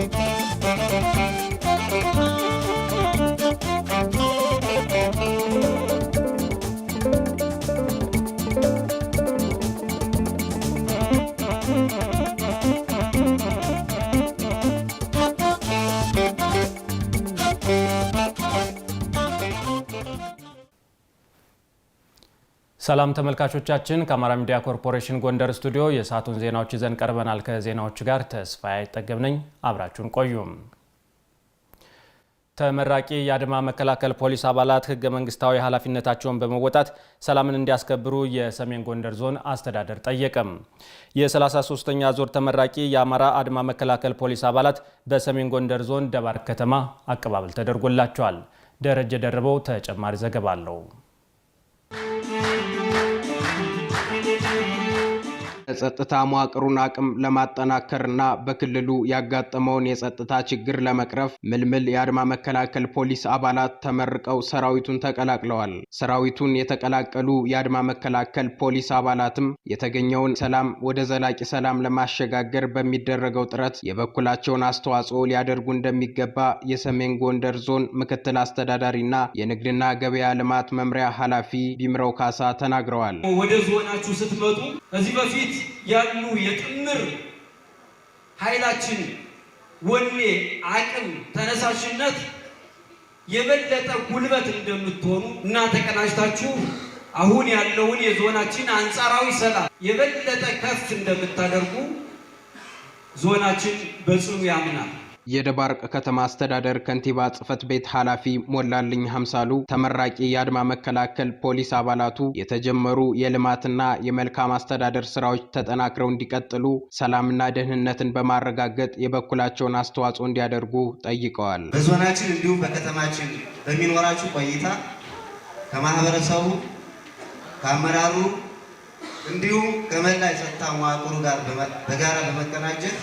Thank you. ሰላም ተመልካቾቻችን፣ ከአማራ ሚዲያ ኮርፖሬሽን ጎንደር ስቱዲዮ የሰዓቱን ዜናዎች ይዘን ቀርበናል። ከዜናዎቹ ጋር ተስፋ አይጠገብ ነኝ። አብራችሁን ቆዩም። ተመራቂ የአድማ መከላከል ፖሊስ አባላት ህገ መንግስታዊ ኃላፊነታቸውን በመወጣት ሰላምን እንዲያስከብሩ የሰሜን ጎንደር ዞን አስተዳደር ጠየቀም። የ33ኛ ዞር ተመራቂ የአማራ አድማ መከላከል ፖሊስ አባላት በሰሜን ጎንደር ዞን ደባርቅ ከተማ አቀባበል ተደርጎላቸዋል። ደረጀ ደርበው ተጨማሪ ዘገባ አለው። የጸጥታ መዋቅሩን አቅም ለማጠናከርና በክልሉ ያጋጠመውን የጸጥታ ችግር ለመቅረፍ ምልምል የአድማ መከላከል ፖሊስ አባላት ተመርቀው ሰራዊቱን ተቀላቅለዋል። ሰራዊቱን የተቀላቀሉ የአድማ መከላከል ፖሊስ አባላትም የተገኘውን ሰላም ወደ ዘላቂ ሰላም ለማሸጋገር በሚደረገው ጥረት የበኩላቸውን አስተዋጽኦ ሊያደርጉ እንደሚገባ የሰሜን ጎንደር ዞን ምክትል አስተዳዳሪና የንግድና ገበያ ልማት መምሪያ ኃላፊ ቢምረው ካሳ ተናግረዋል። ወደ ዞናችሁ ስትመጡ ከዚህ በፊት ውስጥ ያሉ የጥምር ኃይላችን ወኔ፣ አቅም፣ ተነሳሽነት የበለጠ ጉልበት እንደምትሆኑ እና ተቀናጅታችሁ አሁን ያለውን የዞናችን አንጻራዊ ሰላም የበለጠ ከፍ እንደምታደርጉ ዞናችን በጽኑ ያምናል። የደባርቅ ከተማ አስተዳደር ከንቲባ ጽህፈት ቤት ኃላፊ ሞላልኝ ሀምሳሉ ተመራቂ የአድማ መከላከል ፖሊስ አባላቱ የተጀመሩ የልማትና የመልካም አስተዳደር ስራዎች ተጠናክረው እንዲቀጥሉ ሰላምና ደህንነትን በማረጋገጥ የበኩላቸውን አስተዋጽኦ እንዲያደርጉ ጠይቀዋል። በዞናችን እንዲሁም በከተማችን በሚኖራችሁ ቆይታ ከማህበረሰቡ ከአመራሩ እንዲሁም ከመላ የጸጥታ መዋቅሩ ጋር በጋራ በመቀናጀት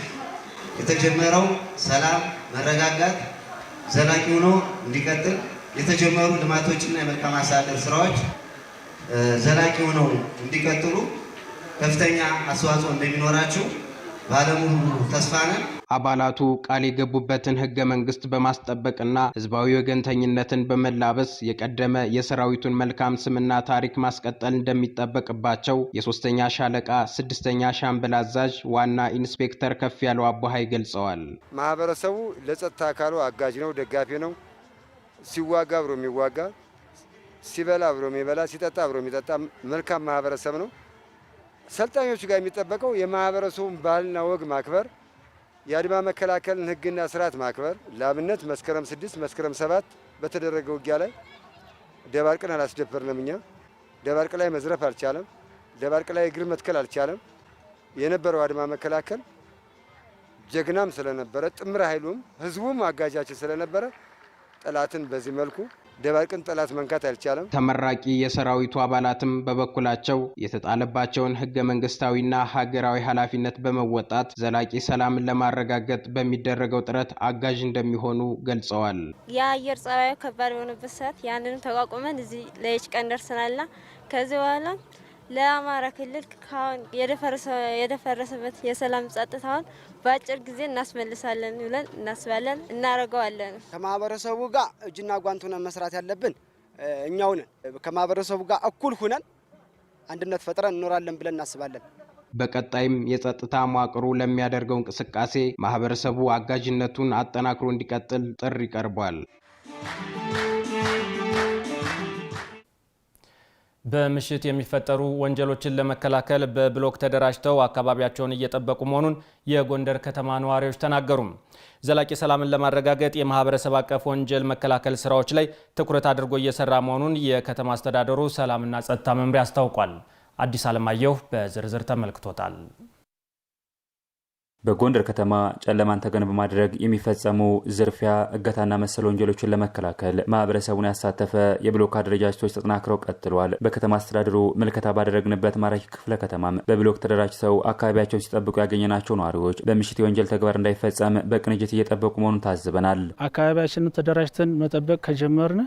የተጀመረው ሰላም፣ መረጋጋት ዘላቂ ሆኖ እንዲቀጥል የተጀመሩ ልማቶችና የመልካም አስተዳደር ስራዎች ዘላቂ ሆነው እንዲቀጥሉ ከፍተኛ አስተዋጽኦ እንደሚኖራችሁ ባለሙሉ ተስፋ ነን። አባላቱ ቃል የገቡበትን ህገ መንግስት በማስጠበቅና ህዝባዊ ወገንተኝነትን በመላበስ የቀደመ የሰራዊቱን መልካም ስምና ታሪክ ማስቀጠል እንደሚጠበቅባቸው የሶስተኛ ሻለቃ ስድስተኛ ሻምበል አዛዥ ዋና ኢንስፔክተር ከፍ ያለው አቦሀይ ገልጸዋል። ማህበረሰቡ ለጸጥታ አካሉ አጋዥ ነው፣ ደጋፊ ነው። ሲዋጋ አብሮ የሚዋጋ ሲበላ አብሮ የሚበላ ሲጠጣ አብሮ የሚጠጣ መልካም ማህበረሰብ ነው። ሰልጣኞቹ ጋር የሚጠበቀው የማህበረሰቡን ባህልና ወግ ማክበር የአድማ መከላከልን ህግና ስርዓት ማክበር ለአብነት መስከረም ስድስት መስከረም ሰባት በተደረገ ውጊያ ላይ ደባርቅን አላስደፈርንም። እኛ ደባርቅ ላይ መዝረፍ አልቻለም። ደባርቅ ላይ እግር መትከል አልቻለም። የነበረው አድማ መከላከል ጀግናም ስለነበረ ጥምር ኃይሉም ህዝቡም አጋጃችን ስለነበረ ጠላትን በዚህ መልኩ ደባርቅን ጠላት መንካት አልቻለም። ተመራቂ የሰራዊቱ አባላትም በበኩላቸው የተጣለባቸውን ህገ መንግስታዊና ሀገራዊ ኃላፊነት በመወጣት ዘላቂ ሰላምን ለማረጋገጥ በሚደረገው ጥረት አጋዥ እንደሚሆኑ ገልጸዋል። የአየር ጸባዩ ከባድ በሆነበት ሰዓት ያንንም ተቋቁመን እዚህ ለይች ቀን ደርሰናልና ከዚህ በኋላ ለአማራ ክልል ካሁን የደፈረሰበት የሰላም ጸጥታውን በአጭር ጊዜ እናስመልሳለን ብለን እናስባለን፣ እናደርገዋለን። ከማህበረሰቡ ጋር እጅና ጓንት ሆነን መስራት ያለብን እኛው ነን። ከማህበረሰቡ ጋር እኩል ሁነን አንድነት ፈጥረን እንኖራለን ብለን እናስባለን። በቀጣይም የጸጥታ መዋቅሩ ለሚያደርገው እንቅስቃሴ ማህበረሰቡ አጋዥነቱን አጠናክሮ እንዲቀጥል ጥሪ ቀርቧል። በምሽት የሚፈጠሩ ወንጀሎችን ለመከላከል በብሎክ ተደራጅተው አካባቢያቸውን እየጠበቁ መሆኑን የጎንደር ከተማ ነዋሪዎች ተናገሩ። ዘላቂ ሰላምን ለማረጋገጥ የማህበረሰብ አቀፍ ወንጀል መከላከል ስራዎች ላይ ትኩረት አድርጎ እየሰራ መሆኑን የከተማ አስተዳደሩ ሰላምና ጸጥታ መምሪያ አስታውቋል። አዲስ አለማየሁ በዝርዝር ተመልክቶታል። በጎንደር ከተማ ጨለማን ተገን በማድረግ የሚፈጸሙ ዝርፊያ፣ እገታና መሰል ወንጀሎችን ለመከላከል ማህበረሰቡን ያሳተፈ የብሎክ አደረጃጀቶች ተጠናክረው ቀጥሏል። በከተማ አስተዳደሩ ምልከታ ባደረግንበት ማራኪ ክፍለ ከተማም በብሎክ ተደራጅተው አካባቢያቸውን ሲጠብቁ ያገኘናቸው ነዋሪዎች በምሽት የወንጀል ተግባር እንዳይፈጸም በቅንጅት እየጠበቁ መሆኑን ታዝበናል። አካባቢያችንን ተደራጅተን መጠበቅ ከጀመርን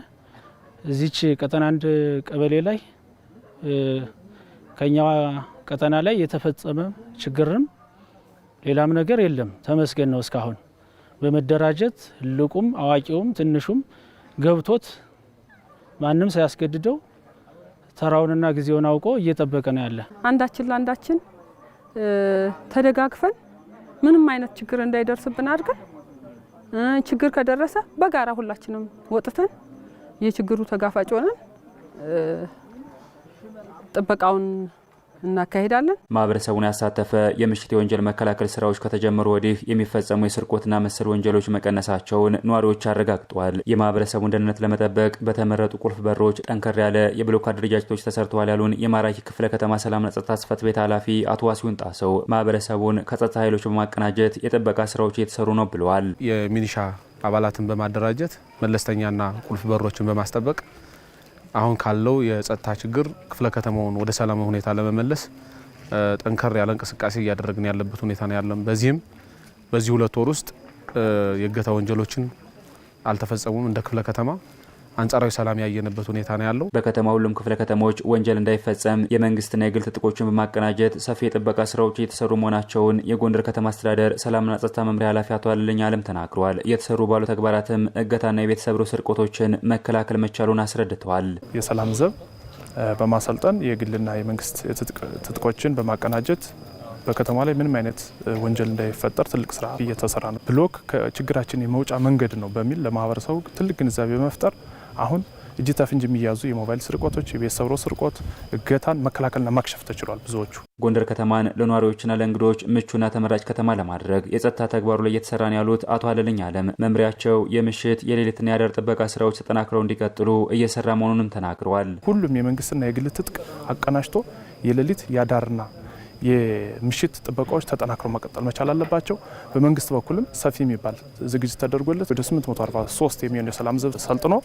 እዚች ቀጠና አንድ ቀበሌ ላይ ከኛ ቀጠና ላይ የተፈጸመ ችግርም ሌላም ነገር የለም። ተመስገን ነው። እስካሁን በመደራጀት ትልቁም አዋቂውም ትንሹም ገብቶት ማንም ሳያስገድደው ተራውንና ጊዜውን አውቆ እየጠበቀ ነው ያለ። አንዳችን ለአንዳችን ተደጋግፈን ምንም አይነት ችግር እንዳይደርስብን አድርገን ችግር ከደረሰ በጋራ ሁላችንም ወጥተን የችግሩ ተጋፋጭ ሆነን ጥበቃውን እናካሄዳለን። ማህበረሰቡን ያሳተፈ የምሽት የወንጀል መከላከል ስራዎች ከተጀመሩ ወዲህ የሚፈጸሙ የስርቆትና መሰል ወንጀሎች መቀነሳቸውን ነዋሪዎች አረጋግጠዋል። የማህበረሰቡን ደህንነት ለመጠበቅ በተመረጡ ቁልፍ በሮች ጠንከር ያለ የብሎክ አደረጃጀቶች ተሰርተዋል ያሉን የማራኪ ክፍለ ከተማ ሰላምና ጸጥታ ስፈት ቤት ኃላፊ አቶ ዋሲሁን ጣሰው ማህበረሰቡን ከጸጥታ ኃይሎች በማቀናጀት የጥበቃ ስራዎች እየተሰሩ ነው ብለዋል። የሚኒሻ አባላትን በማደራጀት መለስተኛና ቁልፍ በሮችን በማስጠበቅ አሁን ካለው የጸጥታ ችግር ክፍለ ከተማውን ወደ ሰላም ሁኔታ ለመመለስ ጠንከር ያለ እንቅስቃሴ እያደረግን ያለበት ሁኔታ ነው ያለም። በዚህም በዚህ ሁለት ወር ውስጥ የእገታ ወንጀሎችን አልተፈጸሙም እንደ ክፍለ ከተማ አንጻራዊ ሰላም ያየንበት ሁኔታ ነው ያለው። በከተማ ሁሉም ክፍለ ከተሞች ወንጀል እንዳይፈጸም የመንግስትና የግል ትጥቆችን በማቀናጀት ሰፊ የጥበቃ ስራዎች እየተሰሩ መሆናቸውን የጎንደር ከተማ አስተዳደር ሰላምና ጸጥታ መምሪያ ኃላፊ አቶ አለልኝ አለም ተናግረዋል። እየተሰሩ ባሉ ተግባራትም እገታና የቤተሰብ ስርቆቶችን መከላከል መቻሉን አስረድተዋል። የሰላም ዘብ በማሰልጠን የግልና የመንግስት ትጥቆችን በማቀናጀት በከተማ ላይ ምንም አይነት ወንጀል እንዳይፈጠር ትልቅ ስራ እየተሰራ ነው። ብሎክ ከችግራችን የመውጫ መንገድ ነው በሚል ለማህበረሰቡ ትልቅ ግንዛቤ በመፍጠር አሁን እጅ ከፍንጅ የሚያዙ የሞባይል ስርቆቶች፣ የቤት ሰብሮ ስርቆት፣ እገታን መከላከልና ማክሸፍ ተችሏል። ብዙዎቹ ጎንደር ከተማን ለነዋሪዎችና ለእንግዶች ምቹና ተመራጭ ከተማ ለማድረግ የጸጥታ ተግባሩ ላይ እየተሰራ ያሉት አቶ አለልኝ አለም መምሪያቸው የምሽት የሌሊትና የአዳር ጥበቃ ስራዎች ተጠናክረው እንዲቀጥሉ እየሰራ መሆኑንም ተናግረዋል። ሁሉም የመንግስትና የግል ትጥቅ አቀናጅቶ የሌሊት የአዳርና የምሽት ጥበቃዎች ተጠናክረው መቀጠል መቻል አለባቸው። በመንግስት በኩልም ሰፊ የሚባል ዝግጅት ተደርጎለት ወደ 843 የሚሆን የሰላም ዘብ ሰልጥኖ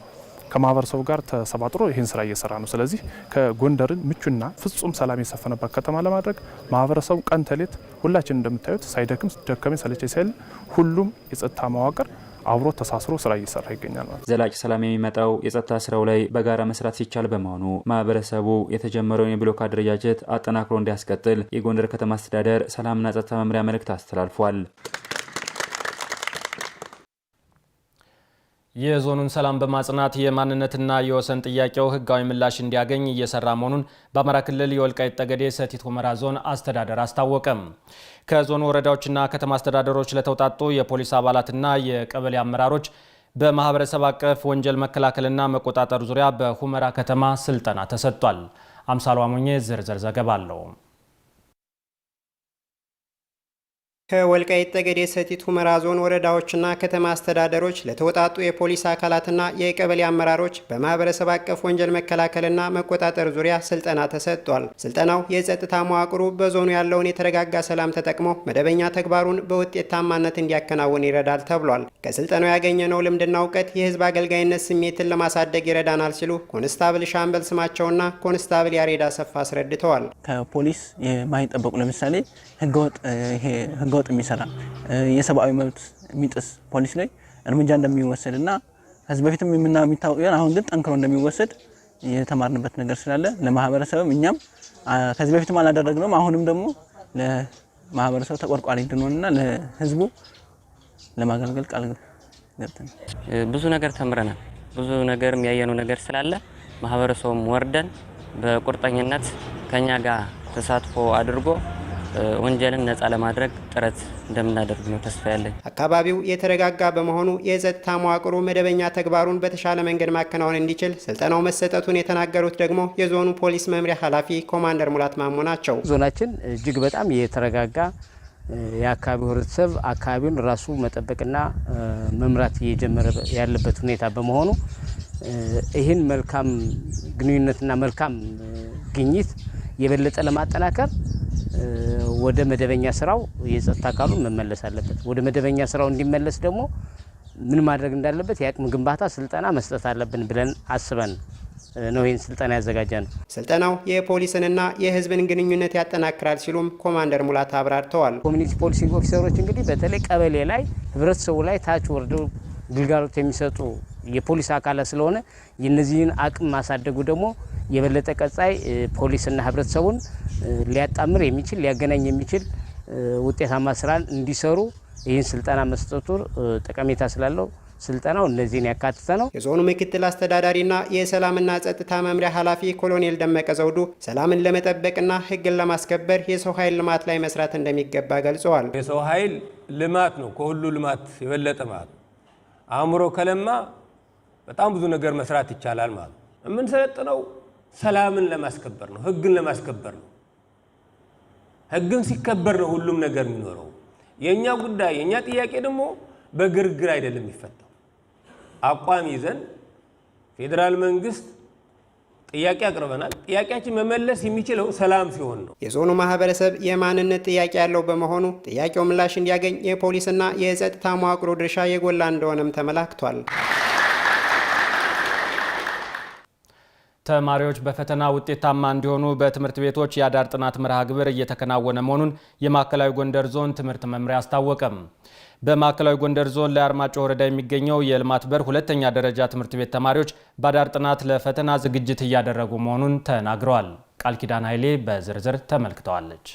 ከማህበረሰቡ ጋር ተሰባጥሮ ይህን ስራ እየሰራ ነው። ስለዚህ ከጎንደርን ምቹና ፍጹም ሰላም የሰፈነባት ከተማ ለማድረግ ማህበረሰቡ ቀን ተሌት ሁላችን እንደምታዩት ሳይደክም ደከመኝ ሰለቸኝ ሳይል ሁሉም የጸጥታ መዋቅር አብሮ ተሳስሮ ስራ እየሰራ ይገኛል። ማለት ዘላቂ ሰላም የሚመጣው የጸጥታ ስራው ላይ በጋራ መስራት ሲቻል በመሆኑ ማህበረሰቡ የተጀመረውን የብሎክ አደረጃጀት አጠናክሮ እንዲያስቀጥል የጎንደር ከተማ አስተዳደር ሰላምና ጸጥታ መምሪያ መልእክት አስተላልፏል። የዞኑን ሰላም በማጽናት የማንነትና የወሰን ጥያቄው ህጋዊ ምላሽ እንዲያገኝ እየሰራ መሆኑን በአማራ ክልል የወልቃይት ጠገዴ ሰቲት ሁመራ ዞን አስተዳደር አስታወቀም። ከዞኑ ወረዳዎችና ከተማ አስተዳደሮች ለተውጣጡ የፖሊስ አባላትና የቀበሌ አመራሮች በማህበረሰብ አቀፍ ወንጀል መከላከልና መቆጣጠር ዙሪያ በሁመራ ከተማ ስልጠና ተሰጥቷል። አምሳሉ አሙኜ ዝርዝር ዘገባ አለው። ከወልቃይት ጠገዴ ሰቲት ሁመራ ዞን ወረዳዎችና ከተማ አስተዳደሮች ለተወጣጡ የፖሊስ አካላትና የቀበሌ አመራሮች በማህበረሰብ አቀፍ ወንጀል መከላከልና መቆጣጠር ዙሪያ ስልጠና ተሰጥቷል። ስልጠናው የጸጥታ መዋቅሩ በዞኑ ያለውን የተረጋጋ ሰላም ተጠቅሞ መደበኛ ተግባሩን በውጤታማነት እንዲያከናውን ይረዳል ተብሏል። ከስልጠናው ያገኘነው ልምድና እውቀት የህዝብ አገልጋይነት ስሜትን ለማሳደግ ይረዳናል ሲሉ ኮንስታብል ሻምበል ስማቸውና ኮንስታብል ያሬዳ ሰፋ አስረድተዋል። ከፖሊስ የማይጠበቁ ለምሳሌ ህገወጥ ህገወጥ የሚሰራ የሰብአዊ መብት የሚጥስ ፖሊስ ላይ እርምጃ እንደሚወሰድ እና ከዚህ በፊትም የምና የሚታወቅ ቢሆን አሁን ግን ጠንክሮ እንደሚወሰድ የተማርንበት ነገር ስላለ ለማህበረሰብም እኛም ከዚህ በፊትም አላደረግነውም አሁንም ደግሞ ለማህበረሰብ ተቆርቋሪ እንድንሆንና ለህዝቡ ለማገልገል ቃል ገብተን ብዙ ነገር ተምረናል። ብዙ ነገር የሚያየነው ነገር ስላለ ማህበረሰቡም ወርደን በቁርጠኝነት ከኛ ጋር ተሳትፎ አድርጎ ወንጀልን ነፃ ለማድረግ ጥረት እንደምናደርግ ነው ተስፋ ያለኝ። አካባቢው የተረጋጋ በመሆኑ የጸጥታ መዋቅሩ መደበኛ ተግባሩን በተሻለ መንገድ ማከናወን እንዲችል ስልጠናው መሰጠቱን የተናገሩት ደግሞ የዞኑ ፖሊስ መምሪያ ኃላፊ ኮማንደር ሙላት ማሞ ናቸው። ዞናችን እጅግ በጣም የተረጋጋ የአካባቢው ህብረተሰብ አካባቢውን ራሱ መጠበቅና መምራት እየጀመረ ያለበት ሁኔታ በመሆኑ ይህን መልካም ግንኙነትና መልካም ግኝት የበለጠ ለማጠናከር ወደ መደበኛ ስራው የጸጥታ አካሉ መመለስ አለበት። ወደ መደበኛ ስራው እንዲመለስ ደግሞ ምን ማድረግ እንዳለበት የአቅም ግንባታ ስልጠና መስጠት አለብን ብለን አስበን ነው ይህን ስልጠና ያዘጋጀ ነው። ስልጠናው የፖሊስንና የህዝብን ግንኙነት ያጠናክራል ሲሉም ኮማንደር ሙላት አብራርተዋል። ኮሚኒቲ ፖሊሲንግ ኦፊሰሮች እንግዲህ በተለይ ቀበሌ ላይ ህብረተሰቡ ላይ ታች ወርደው ግልጋሎት የሚሰጡ የፖሊስ አካላት ስለሆነ የነዚህን አቅም ማሳደጉ ደግሞ የበለጠ ቀጣይ ፖሊስና ህብረተሰቡን ሊያጣምር የሚችል ሊያገናኝ የሚችል ውጤታማ ስራን እንዲሰሩ ይህን ስልጠና መስጠቱ ጠቀሜታ ስላለው ስልጠናው እነዚህን ያካተተ ነው። የዞኑ ምክትል አስተዳዳሪና የሰላምና ጸጥታ መምሪያ ኃላፊ ኮሎኔል ደመቀ ዘውዱ ሰላምን ለመጠበቅና ህግን ለማስከበር የሰው ኃይል ልማት ላይ መስራት እንደሚገባ ገልጸዋል። የሰው ኃይል ልማት ነው ከሁሉ ልማት የበለጠ ማለት አእምሮ ከለማ በጣም ብዙ ነገር መስራት ይቻላል ማለት ነው። የምንሰለጥነው ሰላምን ለማስከበር ነው፣ ህግን ለማስከበር ነው። ህግን ሲከበር ነው ሁሉም ነገር የሚኖረው። የእኛ ጉዳይ የእኛ ጥያቄ ደግሞ በግርግር አይደለም የሚፈታው። አቋም ይዘን ፌዴራል መንግስት ጥያቄ አቅርበናል። ጥያቄያችን መመለስ የሚችለው ሰላም ሲሆን ነው። የዞኑ ማህበረሰብ የማንነት ጥያቄ ያለው በመሆኑ ጥያቄው ምላሽ እንዲያገኝ የፖሊስና የጸጥታ መዋቅሮ ድርሻ የጎላ እንደሆነም ተመላክቷል። ተማሪዎች በፈተና ውጤታማ እንዲሆኑ በትምህርት ቤቶች የአዳር ጥናት መርሃ ግብር እየተከናወነ መሆኑን የማዕከላዊ ጎንደር ዞን ትምህርት መምሪያ አስታወቀም። በማዕከላዊ ጎንደር ዞን ላይ አርማጮ ወረዳ የሚገኘው የልማት በር ሁለተኛ ደረጃ ትምህርት ቤት ተማሪዎች ባዳር ጥናት ለፈተና ዝግጅት እያደረጉ መሆኑን ተናግረዋል። ቃል ኪዳን ኃይሌ በዝርዝር ተመልክተዋለች።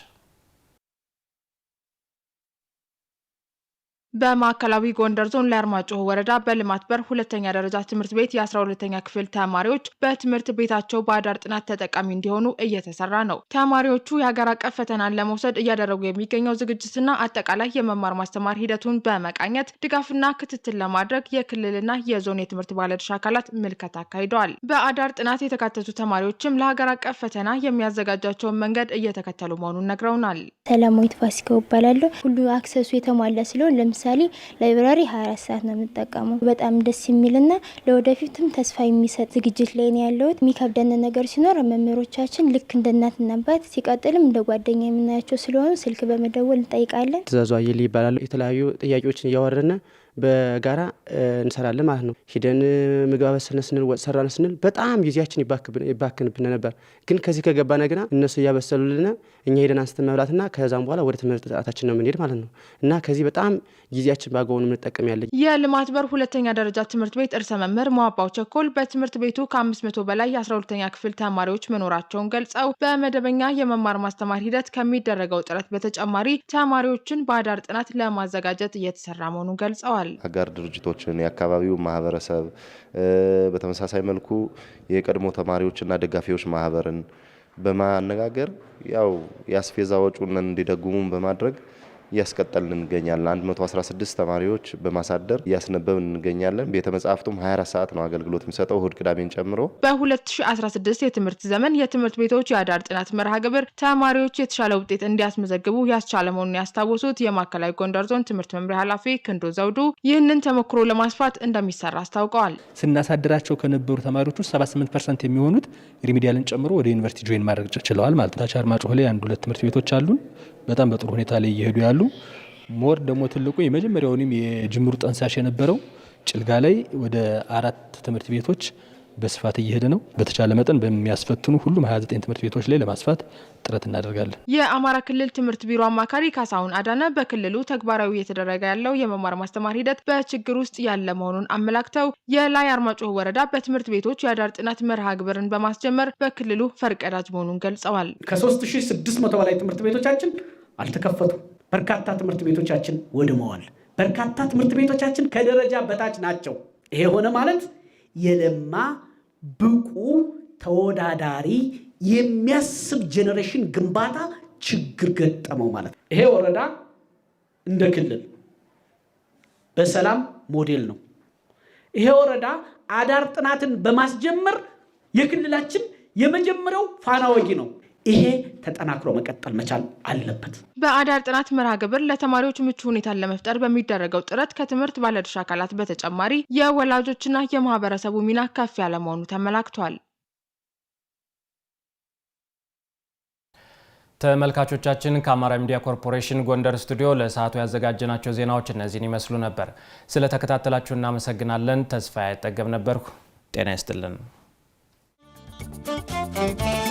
በማዕከላዊ ጎንደር ዞን ላይ ወረዳ በልማት በር ሁለተኛ ደረጃ ትምህርት ቤት የአስራ ሁለተኛ ክፍል ተማሪዎች በትምህርት ቤታቸው በአዳር ጥናት ተጠቃሚ እንዲሆኑ እየተሰራ ነው። ተማሪዎቹ የሀገር አቀፍ ፈተናን ለመውሰድ እያደረጉ የሚገኘው ዝግጅትና አጠቃላይ የመማር ማስተማር ሂደቱን በመቃኘት ድጋፍና ክትትል ለማድረግ የክልልና የዞን የትምህርት ባለድርሻ አካላት ምልከት አካሂደዋል። በአዳር ጥናት የተካተቱ ተማሪዎችም ለሀገር አቀፍ ፈተና የሚያዘጋጃቸውን መንገድ እየተከተሉ መሆኑን ነግረውናል። ሰላማዊት ፋሲካ ይባላለሁ። ሁሉ አክሰሱ የተሟላ ስለሆን ለምሳሌ ላይብራሪ 24 ሰዓት ነው የምጠቀመው በጣም ደስ የሚልና ለወደፊትም ተስፋ የሚሰጥ ዝግጅት ላይ ነው ያለሁት። የሚከብደን ነገር ሲኖር መምህሮቻችን ልክ እንደ እናትና አባት፣ ሲቀጥልም እንደ ጓደኛ የምናያቸው ስለሆኑ ስልክ በመደወል እንጠይቃለን። ትእዛዙ አየል ይባላሉ። የተለያዩ ጥያቄዎችን እያወረነ በጋራ እንሰራለን ማለት ነው። ሂደን ምግብ አበሰልን ስንል ወጥ ሰራን ስንል በጣም ጊዜያችን ይባክንብን ነበር። ግን ከዚህ ከገባነ ግና እነሱ እያበሰሉልን እኛ ሂደን አንስተን መብላትና ከዛም በኋላ ወደ ትምህርት ጥራታችን ነው የምንሄድ ማለት ነው እና ከዚህ በጣም ጊዜያችን ባገሆኑ የምንጠቀም ያለን የልማት በር ሁለተኛ ደረጃ ትምህርት ቤት እርሰ መምህር መዋባው ቸኮል በትምህርት ቤቱ ከአምስት መቶ በላይ የአስራ ሁለተኛ ክፍል ተማሪዎች መኖራቸውን ገልጸው በመደበኛ የመማር ማስተማር ሂደት ከሚደረገው ጥረት በተጨማሪ ተማሪዎችን በአዳር ጥናት ለማዘጋጀት እየተሰራ መሆኑን ገልጸዋል። ይገኛል። አጋር ድርጅቶችን፣ የአካባቢውን ማህበረሰብ በተመሳሳይ መልኩ የቀድሞ ተማሪዎችና ደጋፊዎች ማህበርን በማነጋገር ያው የአስፌዛ ወጪውን እንዲደጉሙን በማድረግ እያስቀጠልን እንገኛለን። 116 ተማሪዎች በማሳደር እያስነበብን እንገኛለን። ቤተ መጻሕፍቱም 24 ሰዓት ነው አገልግሎት የሚሰጠው እሁድ ቅዳሜን ጨምሮ። በ2016 የትምህርት ዘመን የትምህርት ቤቶች የአዳር ጥናት መርሃ ግብር ተማሪዎች የተሻለ ውጤት እንዲያስመዘግቡ ያስቻለ መሆኑን ያስታወሱት የማዕከላዊ ጎንደር ዞን ትምህርት መምሪያ ኃላፊ ክንዶ ዘውዱ ይህንን ተሞክሮ ለማስፋት እንደሚሰራ አስታውቀዋል። ስናሳድራቸው ከነበሩ ተማሪዎች ውስጥ 78 ፐርሰንት የሚሆኑት ሪሚዲያልን ጨምሮ ወደ ዩኒቨርሲቲ ጆይን ማድረግ ችለዋል ማለት ነው። ታች አርማጭሆ ላይ አንድ ሁለት ትምህርት ቤቶች አሉን በጣም በጥሩ ሁኔታ ላይ እየሄዱ ያሉ ይችላሉ። ሞር ደግሞ ትልቁ የመጀመሪያውንም የጅምሩ ጠንሳሽ የነበረው ጭልጋ ላይ ወደ አራት ትምህርት ቤቶች በስፋት እየሄደ ነው። በተቻለ መጠን በሚያስፈትኑ ሁሉም 29 ትምህርት ቤቶች ላይ ለማስፋት ጥረት እናደርጋለን። የአማራ ክልል ትምህርት ቢሮ አማካሪ ካሳሁን አዳነ በክልሉ ተግባራዊ እየተደረገ ያለው የመማር ማስተማር ሂደት በችግር ውስጥ ያለ መሆኑን አመላክተው የላይ አርማጭሆ ወረዳ በትምህርት ቤቶች የአዳር ጥናት መርሃ ግብርን በማስጀመር በክልሉ ፈርቀዳጅ መሆኑን ገልጸዋል። ከ3600 በላይ ትምህርት ቤቶቻችን አልተከፈቱም። በርካታ ትምህርት ቤቶቻችን ወድመዋል። በርካታ ትምህርት ቤቶቻችን ከደረጃ በታች ናቸው። ይሄ ሆነ ማለት የለማ ብቁ ተወዳዳሪ የሚያስብ ጄኔሬሽን ግንባታ ችግር ገጠመው ማለት ነው። ይሄ ወረዳ እንደ ክልል በሰላም ሞዴል ነው። ይሄ ወረዳ አዳር ጥናትን በማስጀመር የክልላችን የመጀመሪያው ፋና ወጊ ነው። ይሄ ተጠናክሮ መቀጠል መቻል አለበት። በአዳር ጥናት መርሃ ግብር ለተማሪዎች ምቹ ሁኔታን ለመፍጠር በሚደረገው ጥረት ከትምህርት ባለድርሻ አካላት በተጨማሪ የወላጆችና የማህበረሰቡ ሚና ከፍ ያለ መሆኑ ተመላክቷል። ተመልካቾቻችን ከአማራ ሚዲያ ኮርፖሬሽን ጎንደር ስቱዲዮ ለሰዓቱ ያዘጋጀናቸው ዜናዎች እነዚህን ይመስሉ ነበር። ስለተከታተላችሁ እናመሰግናለን። ተስፋ አይጠገብ ነበርኩ። ጤና ይስጥልን።